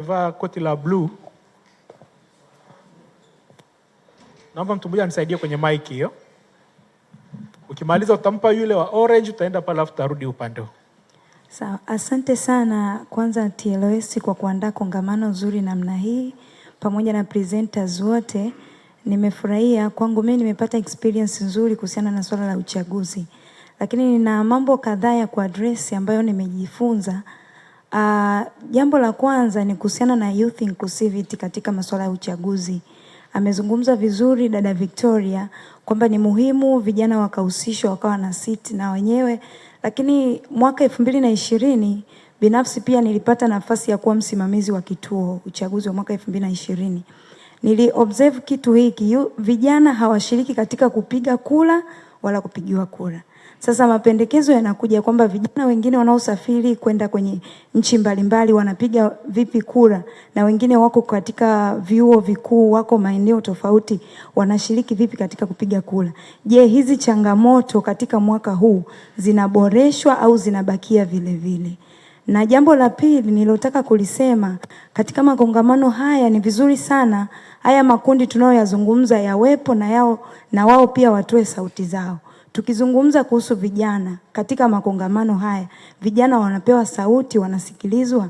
Vaa koti la bluu. Naomba mtu mmoja anisaidie kwenye mic hiyo. Ukimaliza utampa yule wa orange, utaenda pale alafu utarudi upande. Sawa, asante sana kwanza TLS kwa kuandaa kongamano zuri namna hii pamoja na presenters wote. Nimefurahia, kwangu mimi nimepata experience nzuri kuhusiana na swala la uchaguzi, lakini nina mambo kadhaa ya kuaddress ambayo nimejifunza Uh, jambo la kwanza ni kuhusiana na youth inclusivity katika masuala ya uchaguzi. Amezungumza vizuri dada Victoria kwamba ni muhimu vijana wakahusishwa wakawa na seat na wenyewe, lakini mwaka elfu mbili na ishirini binafsi pia nilipata nafasi ya kuwa msimamizi wa kituo uchaguzi wa mwaka elfu mbili na ishirini nili observe kitu hiki, vijana hawashiriki katika kupiga kura wala kupigiwa kura. Sasa mapendekezo yanakuja kwamba vijana wengine wanaosafiri kwenda kwenye nchi mbalimbali wanapiga vipi kura, na wengine wako katika vyuo vikuu, wako maeneo tofauti, wanashiriki vipi katika kupiga kura. Je, hizi changamoto katika mwaka huu zinaboreshwa au zinabakia vile vile? Na jambo la pili nilotaka kulisema katika makongamano haya, ni vizuri sana haya makundi tunayoyazungumza yawepo na yao, na wao pia watoe sauti zao. Tukizungumza kuhusu vijana katika makongamano haya, vijana wanapewa sauti, wanasikilizwa.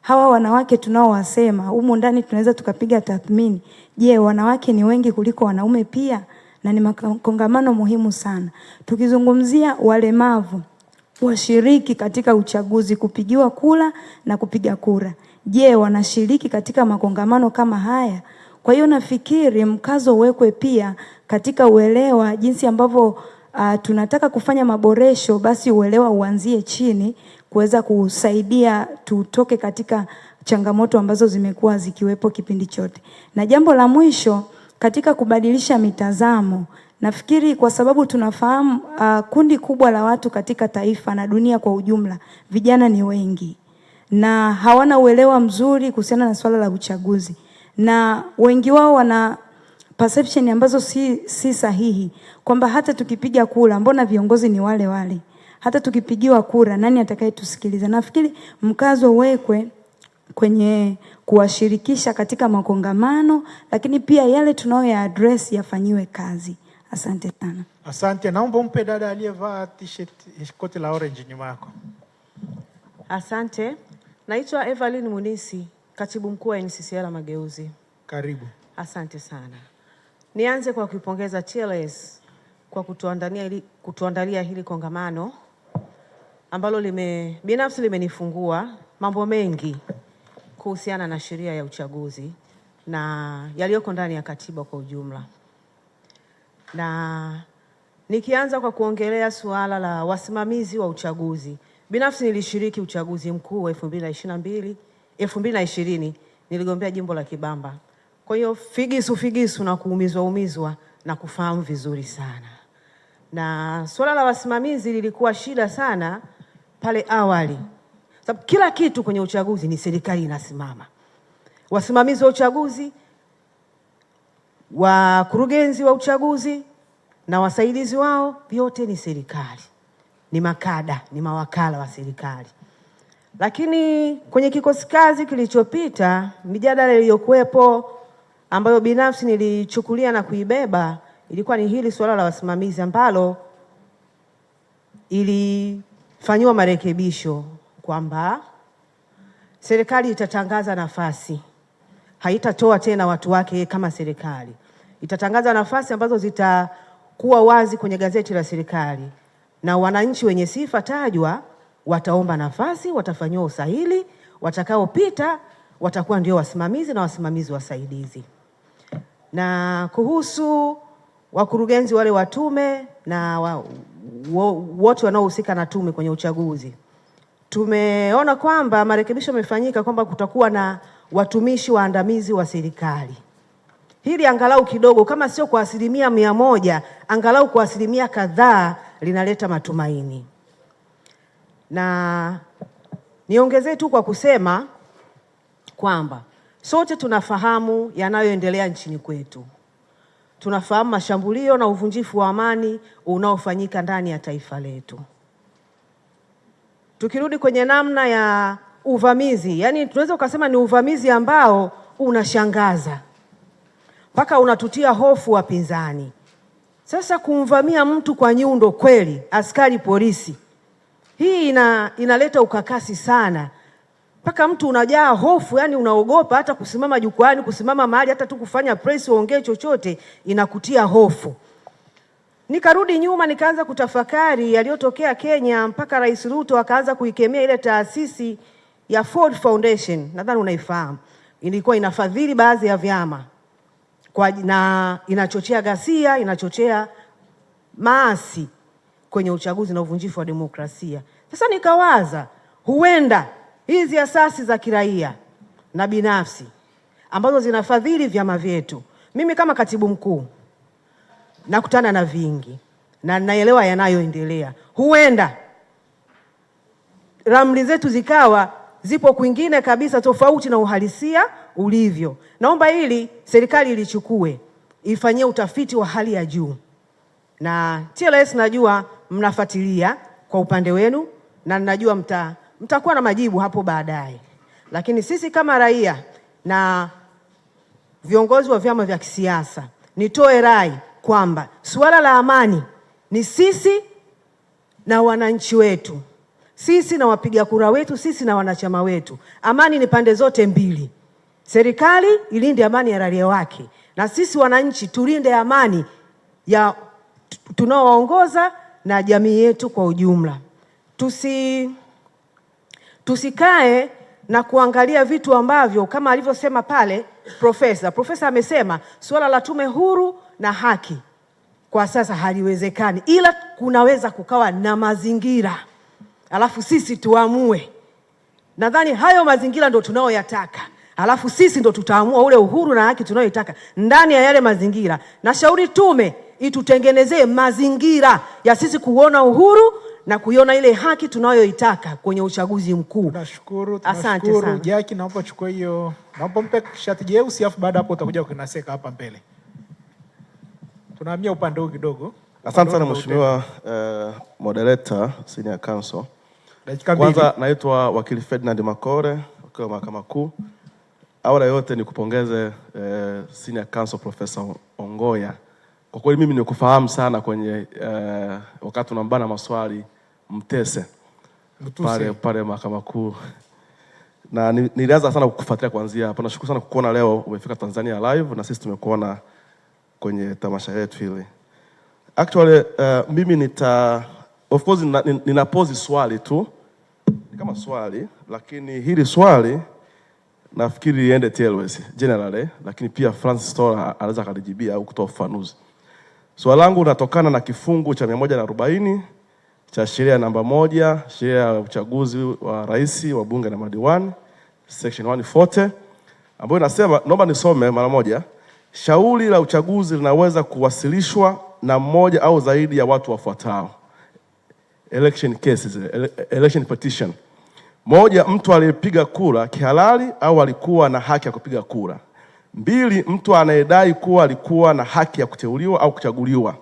Hawa wanawake tunaowasema humu ndani, tunaweza tukapiga tathmini. Je, wanawake ni wengi kuliko wanaume pia? Na ni makongamano muhimu sana. Tukizungumzia walemavu washiriki katika uchaguzi, kupigiwa kura na kupiga kura, je, wanashiriki katika makongamano kama haya? Kwa hiyo nafikiri mkazo uwekwe pia katika uelewa jinsi ambavyo uh, tunataka kufanya maboresho, basi uelewa uanzie chini kuweza kusaidia tutoke katika changamoto ambazo zimekuwa zikiwepo kipindi chote. Na jambo la mwisho katika kubadilisha mitazamo, nafikiri kwa sababu tunafahamu uh, kundi kubwa la watu katika taifa na dunia kwa ujumla, vijana ni wengi na hawana uelewa mzuri kuhusiana na swala la uchaguzi, na wengi wao wana perception ambazo si, si sahihi kwamba hata tukipiga kura mbona viongozi ni wale wale, hata tukipigiwa kura nani atakayetusikiliza? Nafikiri mkazo wekwe kwenye kuwashirikisha katika makongamano, lakini pia yale tunayo ya address yafanyiwe kazi. Asante sana. Asante, naomba umpe dada aliyevaa t-shirt koti la orange nyuma yako. Asante, naitwa Evelyn Munisi, katibu mkuu wa NCCR Mageuzi. Karibu. Asante sana. Nianze kwa kuipongeza TLS kwa kutuandalia hili, kutuandalia hili kongamano ambalo lime, binafsi limenifungua mambo mengi kuhusiana na sheria ya uchaguzi na yaliyoko ndani ya katiba kwa ujumla. Na nikianza kwa kuongelea suala la wasimamizi wa uchaguzi, binafsi nilishiriki uchaguzi mkuu wa 2022 2020 niligombea jimbo la Kibamba kwa hiyo figisu figisu na kuumizwa umizwa na kufahamu vizuri sana, na swala la wasimamizi lilikuwa shida sana pale awali, sababu kila kitu kwenye uchaguzi ni serikali inasimama, wasimamizi wa uchaguzi, wakurugenzi wa uchaguzi na wasaidizi wao, vyote ni serikali, ni makada, ni mawakala wa serikali. Lakini kwenye kikosi kazi kilichopita, mijadala iliyokuwepo ambayo binafsi nilichukulia na kuibeba ilikuwa ni hili suala la wasimamizi ambalo ilifanyiwa marekebisho kwamba serikali itatangaza nafasi, haitatoa tena watu wake kama serikali, itatangaza nafasi ambazo zitakuwa wazi kwenye gazeti la serikali, na wananchi wenye sifa tajwa wataomba nafasi, watafanyiwa usahili, watakaopita watakuwa ndio wasimamizi na wasimamizi wasaidizi na kuhusu wakurugenzi wale wa tume na wote wanaohusika na tume kwenye uchaguzi, tumeona kwamba marekebisho yamefanyika kwamba kutakuwa na watumishi waandamizi wa serikali. Hili angalau kidogo, kama sio kwa asilimia mia moja, angalau kwa asilimia kadhaa linaleta matumaini, na niongezee tu kwa kusema kwamba Sote tunafahamu yanayoendelea nchini kwetu, tunafahamu mashambulio na uvunjifu wa amani unaofanyika ndani ya taifa letu. Tukirudi kwenye namna ya uvamizi, yani tunaweza ukasema ni uvamizi ambao unashangaza mpaka unatutia hofu wapinzani. Sasa kumvamia mtu kwa nyundo kweli, askari polisi, hii ina, inaleta ukakasi sana mpaka mtu unajaa hofu, yani unaogopa hata kusimama jukwani, kusimama mahali, hata tu kufanya press, uongee chochote, inakutia hofu. Nikarudi nyuma nikaanza kutafakari yaliyotokea Kenya, mpaka Rais Ruto akaanza kuikemea ile taasisi ya Ford Foundation, nadhani unaifahamu, ilikuwa inafadhili baadhi ya vyama kwa, na inachochea ghasia, inachochea maasi kwenye uchaguzi na uvunjifu wa demokrasia. Sasa nikawaza huenda hizi asasi za kiraia na binafsi ambazo zinafadhili vyama vyetu, mimi kama katibu mkuu nakutana na vingi na naelewa yanayoendelea. Huenda ramli zetu zikawa zipo kwingine kabisa tofauti na uhalisia ulivyo. Naomba hili serikali ilichukue, ifanyie utafiti wa hali ya juu, na TLS najua mnafuatilia kwa upande wenu na najua mta Mtakuwa na majibu hapo baadaye, lakini sisi kama raia na viongozi wa vyama vya kisiasa, nitoe rai kwamba suala la amani ni sisi na wananchi wetu, sisi na wapiga kura wetu, sisi na wanachama wetu. Amani ni pande zote mbili, serikali ilinde amani ya raia wake na sisi wananchi tulinde amani ya tunaowaongoza na jamii yetu kwa ujumla tusi Tusikae na kuangalia vitu ambavyo kama alivyosema pale profesa. Profesa amesema suala la tume huru na haki kwa sasa haliwezekani, ila kunaweza kukawa na mazingira, alafu sisi tuamue. Nadhani hayo mazingira ndo tunaoyataka, alafu sisi ndo tutaamua ule uhuru na haki tunayoitaka ndani ya yale mazingira. Nashauri tume itutengenezee mazingira ya sisi kuona uhuru na kuiona ile haki tunayoitaka kwenye uchaguzi mkuu. Nashukuru, asante sana Jaki, naomba chukua hiyo, naomba mpe shati jeusi, afu baada hapo utakuja kunaseka hapa mbele, tunahamia upande huu kidogo. Asante sana mheshimiwa uh, moderator senior counsel. Kwanza naitwa wakili Ferdinand Makore, wakili wa mahakama kuu. Awali yote nikupongeze eh, senior counsel Professor Ongoya kwa kweli mimi nikufahamu sana kwenye eh, wakati unambana maswali Mtese pale pale mahakama kuu, na nilianza sana kukufuatilia kuanzia hapo. Nashukuru sana kukuona leo umefika Tanzania live na sisi tumekuona kwenye tamasha yetu hili. Actually uh, mimi nita of course nina, nina pose swali tu kama swali, lakini hili swali nafikiri liende TLS generally, eh, lakini pia Francis Tola anaweza akalijibia au kutoa ufafanuzi. Swali langu natokana na kifungu cha mia moja na arobaini cha sheria namba moja, sheria ya uchaguzi wa rais, wa bunge na madiwani section 140 ambayo inasema, naomba nisome mara moja. Shauri la uchaguzi linaweza kuwasilishwa na mmoja au zaidi ya watu wafuatao election cases, election petition. Moja, mtu aliyepiga kura kihalali au alikuwa na haki ya kupiga kura. Mbili, mtu anayedai kuwa alikuwa na haki ya kuteuliwa au kuchaguliwa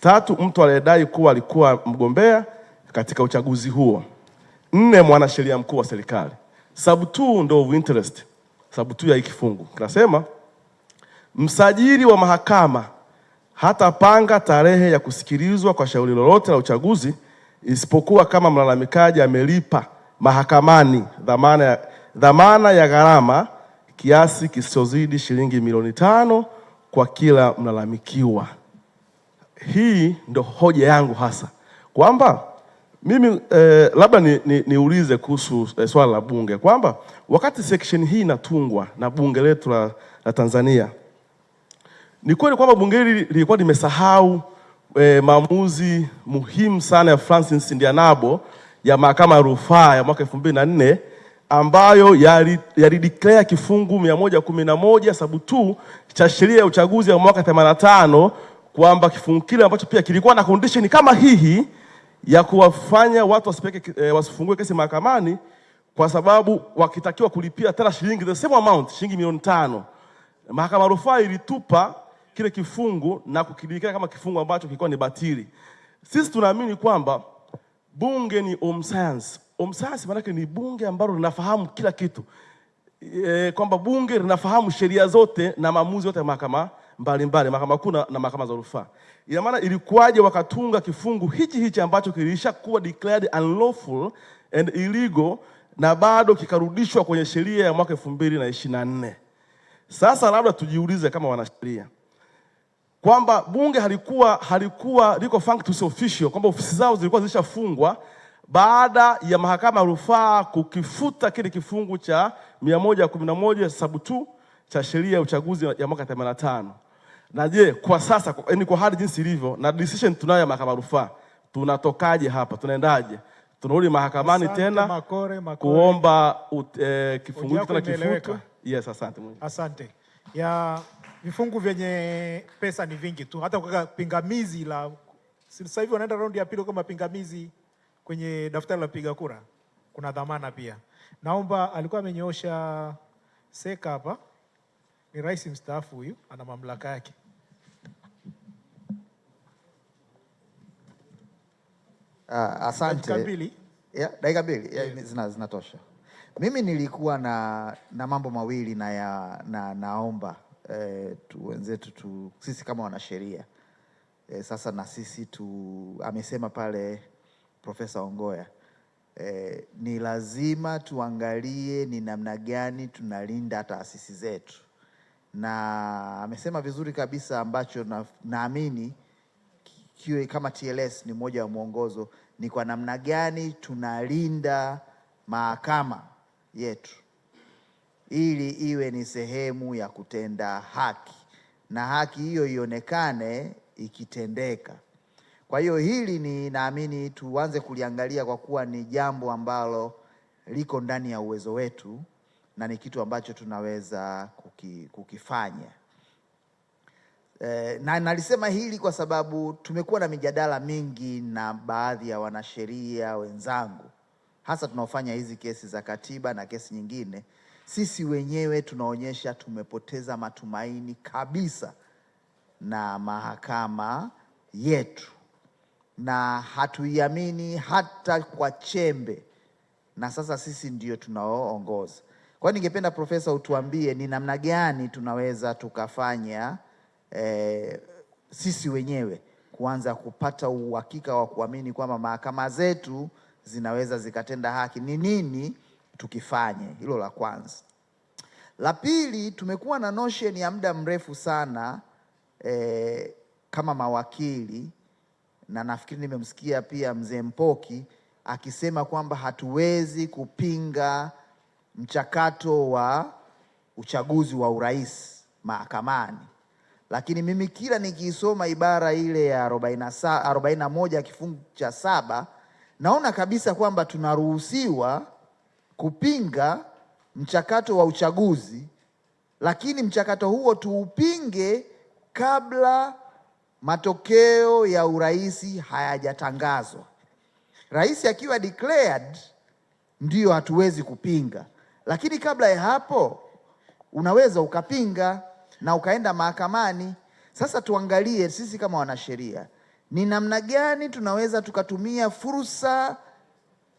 Tatu, mtu aliyedai kuwa alikuwa mgombea katika uchaguzi huo. Nne, mwanasheria mkuu wa serikali. Sub 2 ndio of interest. Sub 2 ya kifungu kinasema msajili wa mahakama hatapanga tarehe ya kusikilizwa kwa shauri lolote la uchaguzi isipokuwa kama mlalamikaji amelipa mahakamani dhamana ya, dhamana ya gharama kiasi kisichozidi shilingi milioni tano kwa kila mlalamikiwa hii ndo hoja yangu hasa kwamba mimi eh, labda niulize ni, ni kuhusu eh, swala la bunge kwamba wakati section hii inatungwa na bunge letu la, la Tanzania, ni kweli kwamba bunge hili lilikuwa limesahau eh, maamuzi muhimu sana ya Francis Ndianabo ya mahakama ya rufaa ya mwaka 2004 ambayo yalideclare yali kifungu 111 moja sabu cha sheria ya uchaguzi ya mwaka 85 kwamba kifungu kile ambacho pia kilikuwa na condition kama hii ya kuwafanya watu wasipeke e, eh, wasifungue kesi mahakamani kwa sababu wakitakiwa kulipia tena shilingi the same amount, shilingi milioni tano. Mahakama ya rufaa ilitupa kile kifungu na kukidikia kama kifungu ambacho kilikuwa ni batili. Sisi tunaamini kwamba bunge ni omniscience. Omniscience maana yake ni bunge ambalo linafahamu kila kitu. E, kwamba bunge linafahamu sheria zote na maamuzi yote ya mahakama mbalimbali, mahakama kuu na na mahakama za rufaa. Ina maana ilikuwaje wakatunga kifungu hichi hichi ambacho kilishakuwa declared unlawful and illegal na bado kikarudishwa kwenye sheria ya mwaka na nne. Sasa labda tujiulize kama wanasheria kwamba bunge halikuwa halikuwa liko functus officio, kwamba ofisi zao zilikuwa zilishafungwa baada ya mahakama ya rufaa kukifuta kile kifungu cha 111 sub 2 cha sheria ya uchaguzi ya mwaka 85. Na je, kwa sasa yaani kwa hali jinsi ilivyo na decision tunayo ya mahakama rufaa, tunatokaje hapa? Tunaendaje? Tunarudi mahakamani asante, tena makore, makore, kuomba e, kifungu tena kifutu. Yes, asante. Asante. Ya vifungu vyenye pesa ni vingi tu, hata kwa pingamizi la sasa hivi wanaenda raundi ya pili kama pingamizi kwenye daftari la piga kura kuna dhamana pia. Naomba alikuwa amenyoosha Seka hapa ni rais mstaafu huyu, ana mamlaka yake. Uh, asante. Dakika mbili yeah, yeah, yeah, Zinatosha Zina, zinatosha. Mimi nilikuwa na na mambo mawili na, ya, na naomba eh, tu wenzetu tu sisi kama wanasheria eh, sasa na sisi tu amesema pale Profesa Ongoya eh, ni lazima tuangalie ni namna gani tunalinda taasisi zetu na amesema vizuri kabisa ambacho na, naamini kiwe kama TLS ni mmoja wa mwongozo ni kwa namna gani tunalinda mahakama yetu ili iwe ni sehemu ya kutenda haki na haki hiyo ionekane ikitendeka. Kwa hiyo hili ni naamini tuanze kuliangalia kwa kuwa ni jambo ambalo liko ndani ya uwezo wetu na ni kitu ambacho tunaweza kuki, kukifanya e, na nalisema hili kwa sababu tumekuwa na mijadala mingi na baadhi ya wanasheria wenzangu, hasa tunaofanya hizi kesi za katiba na kesi nyingine. Sisi wenyewe tunaonyesha tumepoteza matumaini kabisa na mahakama yetu na hatuiamini hata kwa chembe, na sasa sisi ndio tunaoongoza. Kwa hiyo ningependa profesa, utuambie ni namna gani tunaweza tukafanya eh, sisi wenyewe kuanza kupata uhakika wa kuamini kwamba mahakama zetu zinaweza zikatenda haki. Ni nini tukifanye? Hilo la kwanza. La pili, tumekuwa na notion ya muda mrefu sana eh, kama mawakili na nafikiri nimemsikia pia mzee Mpoki akisema kwamba hatuwezi kupinga mchakato wa uchaguzi wa urais mahakamani, lakini mimi kila nikiisoma ibara ile ya 41 kifungu cha saba naona kabisa kwamba tunaruhusiwa kupinga mchakato wa uchaguzi, lakini mchakato huo tuupinge kabla matokeo ya urais hayajatangazwa. Rais akiwa declared, ndiyo hatuwezi kupinga. Lakini kabla ya hapo unaweza ukapinga na ukaenda mahakamani. Sasa tuangalie sisi kama wanasheria ni namna gani tunaweza tukatumia fursa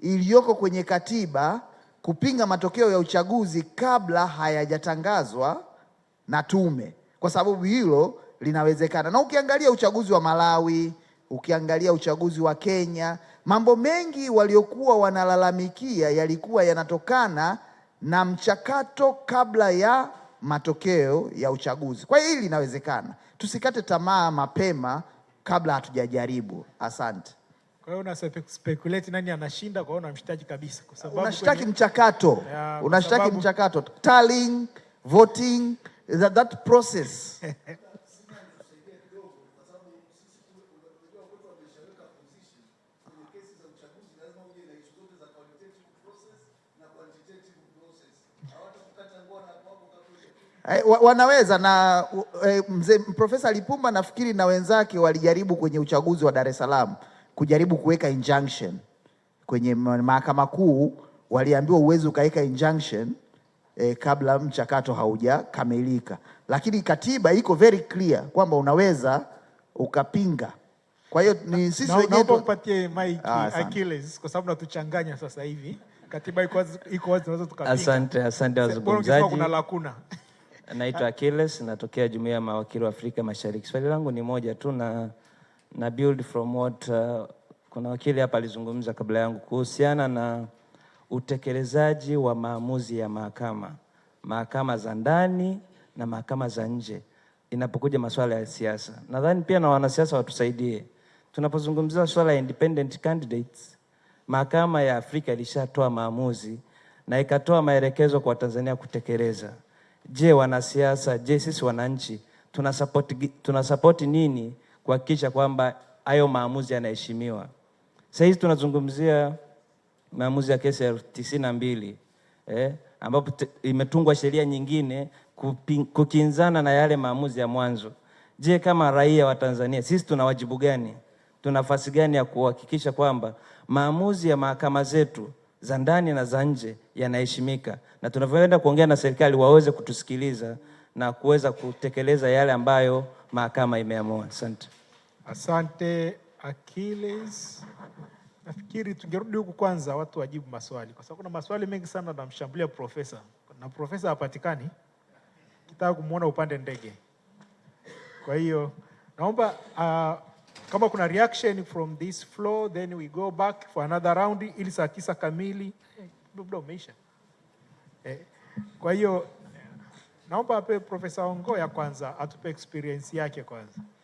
iliyoko kwenye katiba kupinga matokeo ya uchaguzi kabla hayajatangazwa na tume, kwa sababu hilo linawezekana. Na ukiangalia uchaguzi wa Malawi, ukiangalia uchaguzi wa Kenya, mambo mengi waliokuwa wanalalamikia yalikuwa yanatokana na mchakato kabla ya matokeo ya uchaguzi. Kwa hili inawezekana, tusikate tamaa mapema kabla hatujajaribu. Asante. Kwa hiyo una speculate nani anashinda, kwa hiyo unamshtaki kabisa, kwa sababu unashtaki kwenye... mchakato yeah, unashtaki sababu... mchakato tallying voting that, that process Eh, wanaweza na eh, mzee Profesa Lipumba nafikiri na wenzake walijaribu kwenye uchaguzi wa Dar es Salaam kujaribu kuweka injunction kwenye mahakama kuu, waliambiwa uwezi ukaweka injunction eh, kabla mchakato haujakamilika, lakini katiba iko very clear kwamba unaweza ukapinga. Kwa hiyo ni sisi wenyewe tupatie Mike ah, Achilles, kwa sababu natuchanganya sasa hivi, katiba iko iko wazi, tunaweza tukapinga. Asante, asante wazungumzaji, kuna lakuna Naitwa ah. Achilles, natokea jumuiya ya mawakili wa Afrika Mashariki. Swali langu ni moja tu na, na build from what uh, kuna wakili hapa alizungumza kabla yangu kuhusiana na utekelezaji wa maamuzi ya mahakama, mahakama za ndani na mahakama za nje inapokuja masuala ya siasa. Nadhani pia na wanasiasa watusaidie. Tunapozungumzia swala ya independent candidates, mahakama ya Afrika ilishatoa maamuzi na ikatoa maelekezo kwa Tanzania kutekeleza. Je, wanasiasa, je, sisi wananchi tunasapoti tunasapoti nini kuhakikisha kwamba hayo maamuzi yanaheshimiwa? Sasa hizi tunazungumzia maamuzi ya kesi ya elfu tisini na mbili eh, ambapo imetungwa sheria nyingine kukinzana na yale maamuzi ya mwanzo. Je, kama raia wa Tanzania sisi tuna wajibu gani? Tuna nafasi gani ya kuhakikisha kwamba maamuzi ya mahakama zetu za ndani na za nje yanaheshimika, na tunavyoenda kuongea na serikali waweze kutusikiliza na kuweza kutekeleza yale ambayo mahakama imeamua. Asante. Asante Achilles. Nafikiri tungerudi huku kwanza, watu wajibu maswali, kwa sababu kuna maswali mengi sana namshambulia profesa na profesa hapatikani, kitaka kumwona upande ndege. Kwa hiyo naomba uh, kama kuna reaction from this floor then we go back for another round ili saa tisa kamili muda eh, umeisha. Eh, kwa hiyo naomba ape Profesa Ongo ya kwanza atupe experience yake kwanza.